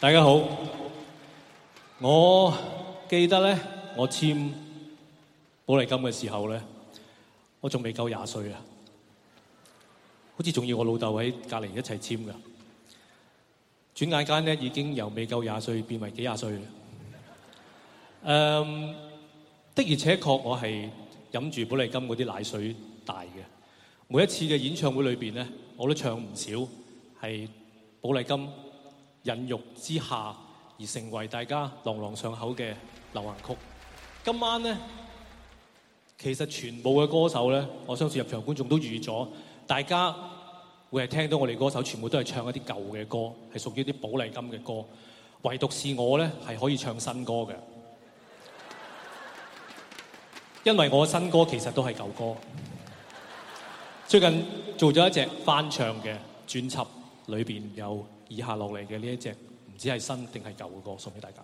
大家好，我記得咧，我簽保麗金嘅時候咧，我仲未夠廿歲啊，好似仲要我老豆喺隔籬一齊簽噶。轉眼間咧，已經由未夠廿歲變為幾廿歲啦。誒，um，的而且確我係飲住保麗金嗰啲奶水大嘅，每一次嘅演唱會裏邊咧，我都唱唔少係保麗金。演繹之下而成為大家朗朗上口嘅流行曲。今晚呢，其實全部嘅歌手呢，我相信入場觀眾都預咗，大家會係聽到我哋歌手全部都係唱一啲舊嘅歌，係屬於啲寶麗金嘅歌。唯獨是我呢，係可以唱新歌嘅，因為我新歌其實都係舊歌。最近做咗一隻翻唱嘅專輯，裏面有。以下落嚟嘅呢一隻，唔知係新定係舊嘅歌，送俾大家。